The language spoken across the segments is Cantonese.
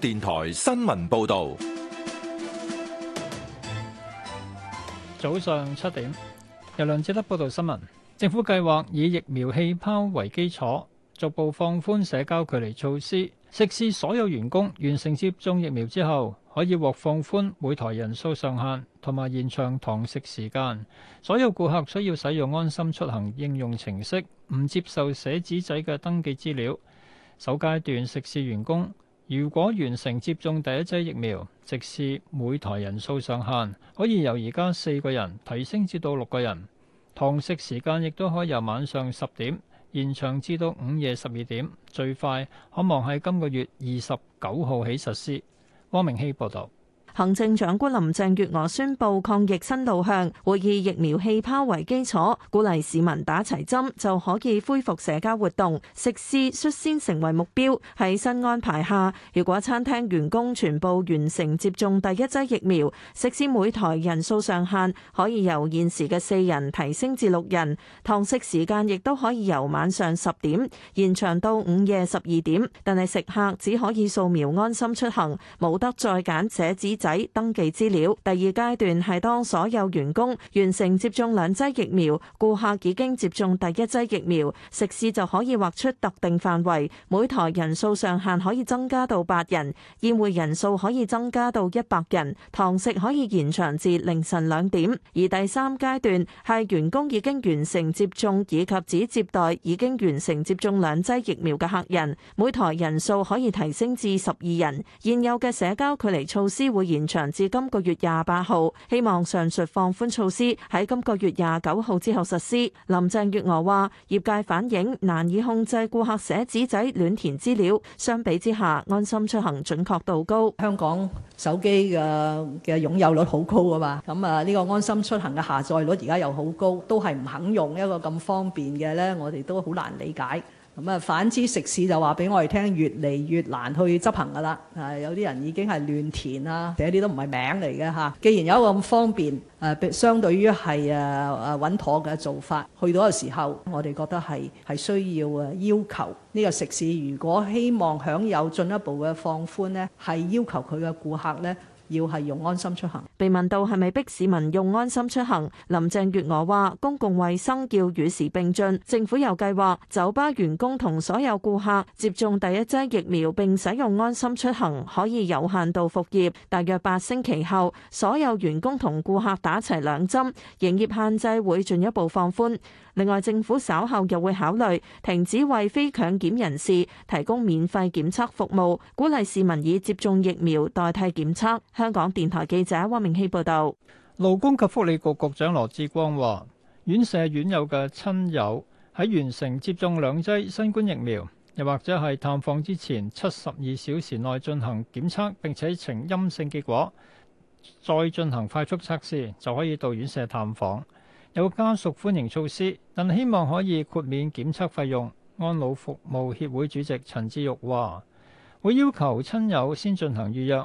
電台新聞報道，早上七點，由梁志德報道新聞。政府計劃以疫苗氣泡為基礎，逐步放寬社交距離措施。食肆所有員工完成接種疫苗之後，可以獲放寬每台人數上限，同埋延長堂食時間。所有顧客需要使用安心出行應用程式，唔接受寫紙仔嘅登記資料。首階段食肆員工。如果完成接種第一劑疫苗，即是每台人數上限可以由而家四個人提升至到六個人，堂食時間亦都可以由晚上十點延長至到午夜十二點，最快可望喺今個月二十九號起實施。汪明希報道。行政長官林鄭月娥宣布抗疫新路向，會以疫苗氣泡為基礎，鼓勵市民打齊針就可以恢復社交活動。食肆率先成為目標。喺新安排下，如果餐廳員工全部完成接種第一劑疫苗，食肆每枱人數上限可以由現時嘅四人提升至六人。堂食時間亦都可以由晚上十點延長到午夜十二點，但係食客只可以掃描安心出行，冇得再揀寫紙喺登記資料。第二階段係當所有員工完成接種兩劑疫苗，顧客已經接種第一劑疫苗，食肆就可以劃出特定範圍，每台人數上限可以增加到八人，宴會人數可以增加到一百人，堂食可以延長至凌晨兩點。而第三階段係員工已經完成接種以及只接待已經完成接種兩劑疫苗嘅客人，每台人數可以提升至十二人。現有嘅社交距離措施會延。延長至今個月廿八號，希望上述放寬措施喺今個月廿九號之後實施。林鄭月娥話：業界反映難以控制顧客寫紙仔亂填資料，相比之下，安心出行準確度高。香港手機嘅嘅擁有率好高啊嘛，咁啊呢個安心出行嘅下載率而家又好高，都係唔肯用一個咁方便嘅呢，我哋都好難理解。咁啊，反之食肆就話俾我哋聽，越嚟越難去執行噶啦。啊，有啲人已經係亂填啊，第一啲都唔係名嚟嘅嚇。既然有一個咁方便，誒，相對於係誒誒穩妥嘅做法，去到嘅時候，我哋覺得係係需要誒要求呢個食肆如果希望享有進一步嘅放寬，呢係要求佢嘅顧客呢。要係用安心出行。被問到係咪逼市民用安心出行，林鄭月娥話，公共衛生要與時並進。政府又計劃酒吧員工同所有顧客接種第一劑疫苗，並使用安心出行可以有限度復業。大約八星期後，所有員工同顧客打齊兩針，營業限制會進一步放寬。另外，政府稍後又會考慮停止為非強檢人士提供免費檢測服務，鼓勵市民以接種疫苗代替檢測。香港電台記者汪明熙報道。勞工及福利局局長羅志光話，院舍院友嘅親友喺完成接種兩劑新冠疫苗，又或者係探訪之前七十二小時內進行檢測，並且呈陰性結果，再進行快速測試就可以到院舍探訪，有家屬歡迎措施，但希望可以豁免檢測費用。安老服務協會主席陳志玉話，會要求親友先進行預約。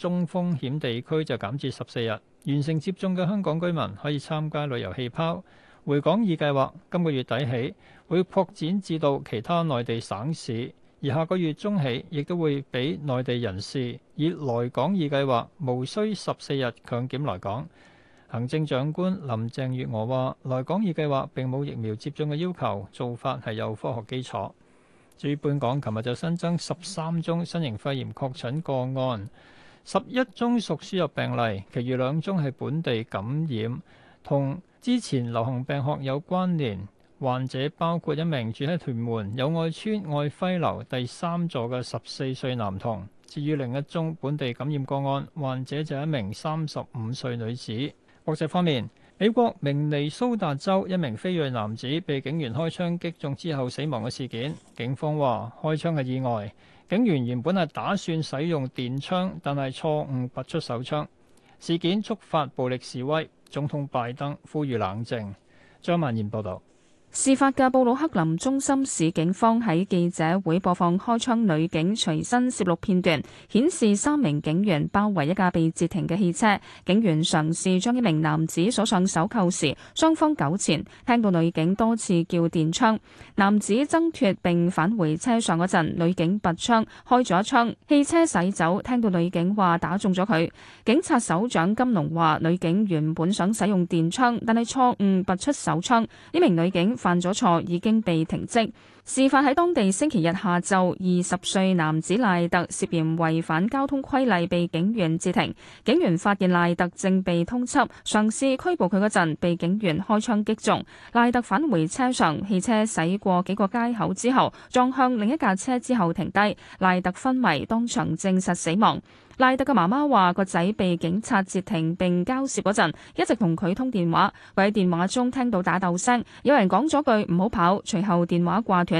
中風險地區就減至十四日完成接種嘅香港居民可以參加旅遊氣泡回港易計劃。今個月底起會擴展至到其他內地省市，而下個月中起亦都會俾內地人士以來港易計劃無需十四日強檢來港。行政長官林鄭月娥話：來港易計劃並冇疫苗接種嘅要求，做法係有科學基礎。至於本港，琴日就新增十三宗新型肺炎確診個案。十一宗屬輸入病例，其餘兩宗係本地感染，同之前流行病學有關聯。患者包括一名住喺屯門友愛邨愛輝樓第三座嘅十四歲男童，至於另一宗本地感染個案，患者就係一名三十五歲女子。國際方面，美國明尼蘇達州一名非裔男子被警員開槍擊中之後死亡嘅事件，警方話開槍係意外。警員原本係打算使用電槍，但係錯誤拔出手槍。事件觸發暴力示威，總統拜登呼籲冷靜。張萬言報導。事發嘅布魯克林中心市警方喺記者會播放開槍女警隨身攝錄片段，顯示三名警員包圍一架被截停嘅汽車，警員嘗試將一名男子鎖上手扣時，雙方糾纏，聽到女警多次叫電槍，男子掙脫並返回車上嗰陣，女警拔槍開咗一槍，汽車駛走，聽到女警話打中咗佢。警察首長金龍話：女警原本想使用電槍，但係錯誤拔出手槍，呢名女警。犯咗錯，已經被停職。事發喺當地星期日下晝，二十歲男子賴特涉嫌違反交通規例被警員截停。警員發現賴特正被通緝，嘗試拘捕佢嗰陣，被警員開槍擊中。賴特返回車上，汽車駛過幾個街口之後，撞向另一架車之後停低。賴特昏迷，當場證實死亡。賴特嘅媽媽話：個仔被警察截停並交涉嗰陣，一直同佢通電話，佢喺電話中聽到打鬥聲，有人講咗句唔好跑，隨後電話掛斷。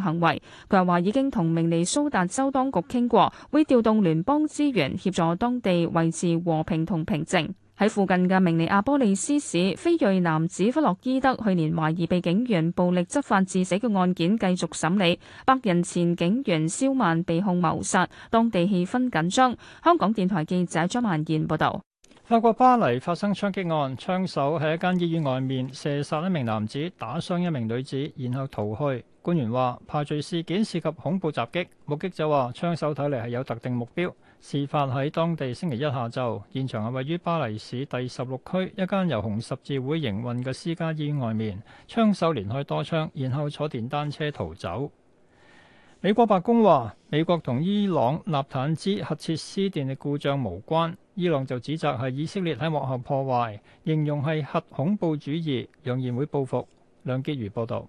行為，佢又話已經同明尼蘇達州當局傾過，會調動聯邦資源協助當地維持和平同平靜。喺附近嘅明尼阿波利斯市，非裔男子弗洛伊德去年懷疑被警員暴力執法致死嘅案件繼續審理，白人前警員肖曼被控謀殺，當地氣氛緊張。香港電台記者張曼燕報道。法國巴黎發生槍擊案，槍手喺一間醫院外面射殺一名男子，打傷一名女子，然後逃去。官員話，排除事件涉及恐怖襲擊。目擊者話，槍手睇嚟係有特定目標。事發喺當地星期一下晝，現場係位於巴黎市第十六區一間由紅十字會營運嘅私家醫院外面。槍手連開多槍，然後坐電單車逃走。美國白宮話：美國同伊朗納坦茲核設施電力故障無關，伊朗就指責係以色列喺幕後破壞，形容係核恐怖主義，揚言會報復。梁潔如報導。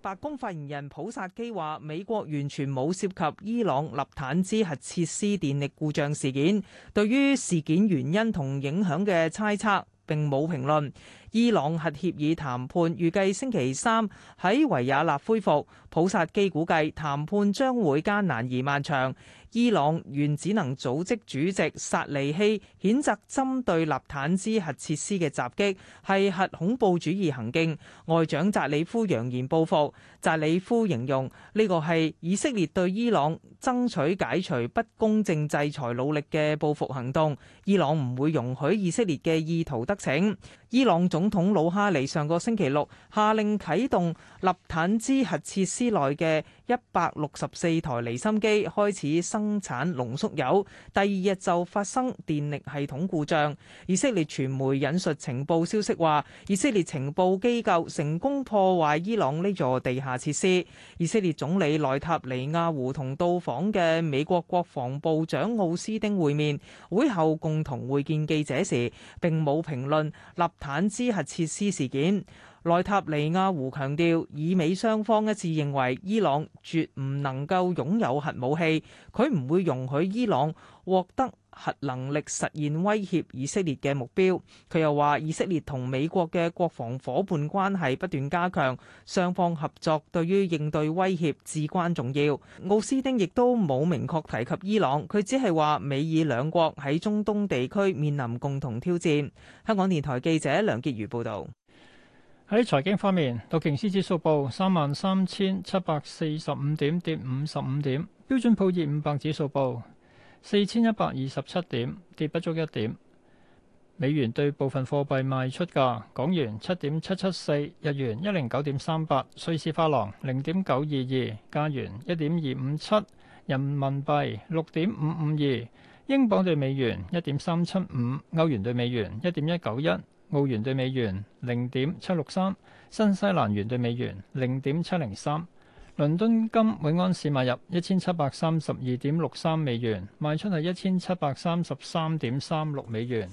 白宮發言人普薩基話：美國完全冇涉及伊朗納坦茲核設施電力故障事件，對於事件原因同影響嘅猜測並冇評論。伊朗核協議談判預計星期三喺維也納恢復。普薩基估計談判將會艱難而漫長。伊朗原子能組織主席薩利希譴責針對納坦茲核設施嘅襲擊係核恐怖主義行徑。外長扎里夫揚言報復。扎里夫形容呢個係以色列對伊朗爭取解除不公正制裁努力嘅報復行動。伊朗唔會容許以色列嘅意圖得逞。伊朗總統魯哈尼上個星期六下令啟動納坦茲核設施內嘅一百六十四台離心機開始生產濃縮鈾，第二日就發生電力系統故障。以色列傳媒引述情報消息話，以色列情報機構成功破壞伊朗呢座地下設施。以色列總理內塔尼亞胡同到訪嘅美國國防部長奧斯丁會面，會後共同會見記者時並冇評論立坦茲核設施事件，內塔尼亞胡強調，以美雙方一致認為伊朗絕唔能夠擁有核武器，佢唔會容許伊朗獲得。核能力實現威脅以色列嘅目標。佢又話：以色列同美國嘅國防伙伴關係不斷加強，雙方合作對於應對威脅至關重要。奧斯汀亦都冇明確提及伊朗，佢只係話美以兩國喺中東地區面臨共同挑戰。香港電台記者梁潔如報導。喺財經方面，道瓊斯指數報三萬三千七百四十五點，跌五十五點；標準普爾五百指數報四千一百二十七點，跌不足一點。美元對部分貨幣賣出價：港元七點七七四，日元一零九點三八，瑞士法郎零點九二二，加元一點二五七，人民幣六點五五二，英鎊對美元一點三七五，歐元對美元一點一九一，澳元對美元零點七六三，新西蘭元對美元零點七零三。倫敦金每安士買入一千七百三十二點六三美元，賣出係一千七百三十三點三六美元。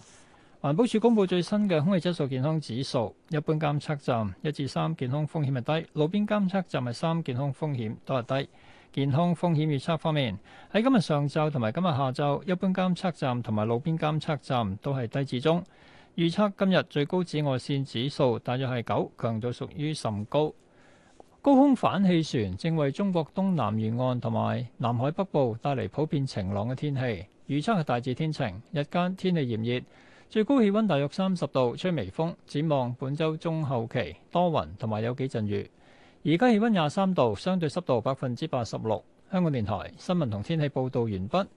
環保署公布最新嘅空氣質素健康指數，一般監測站一至三健康風險係低，路邊監測站係三健康風險都係低。健康風險預測方面，喺今日上晝同埋今日下晝，一般監測站同埋路邊監測站都係低至中。預測今日最高紫外線指數大約係九，強度屬於甚高。高空反氣旋正為中國東南沿岸同埋南海北部帶嚟普遍晴朗嘅天氣，預測係大致天晴，日間天氣炎熱，最高氣溫大約三十度，吹微風。展望本周中後期多雲同埋有幾陣雨。而家氣溫廿三度，相對濕度百分之八十六。香港電台新聞同天氣報道完畢。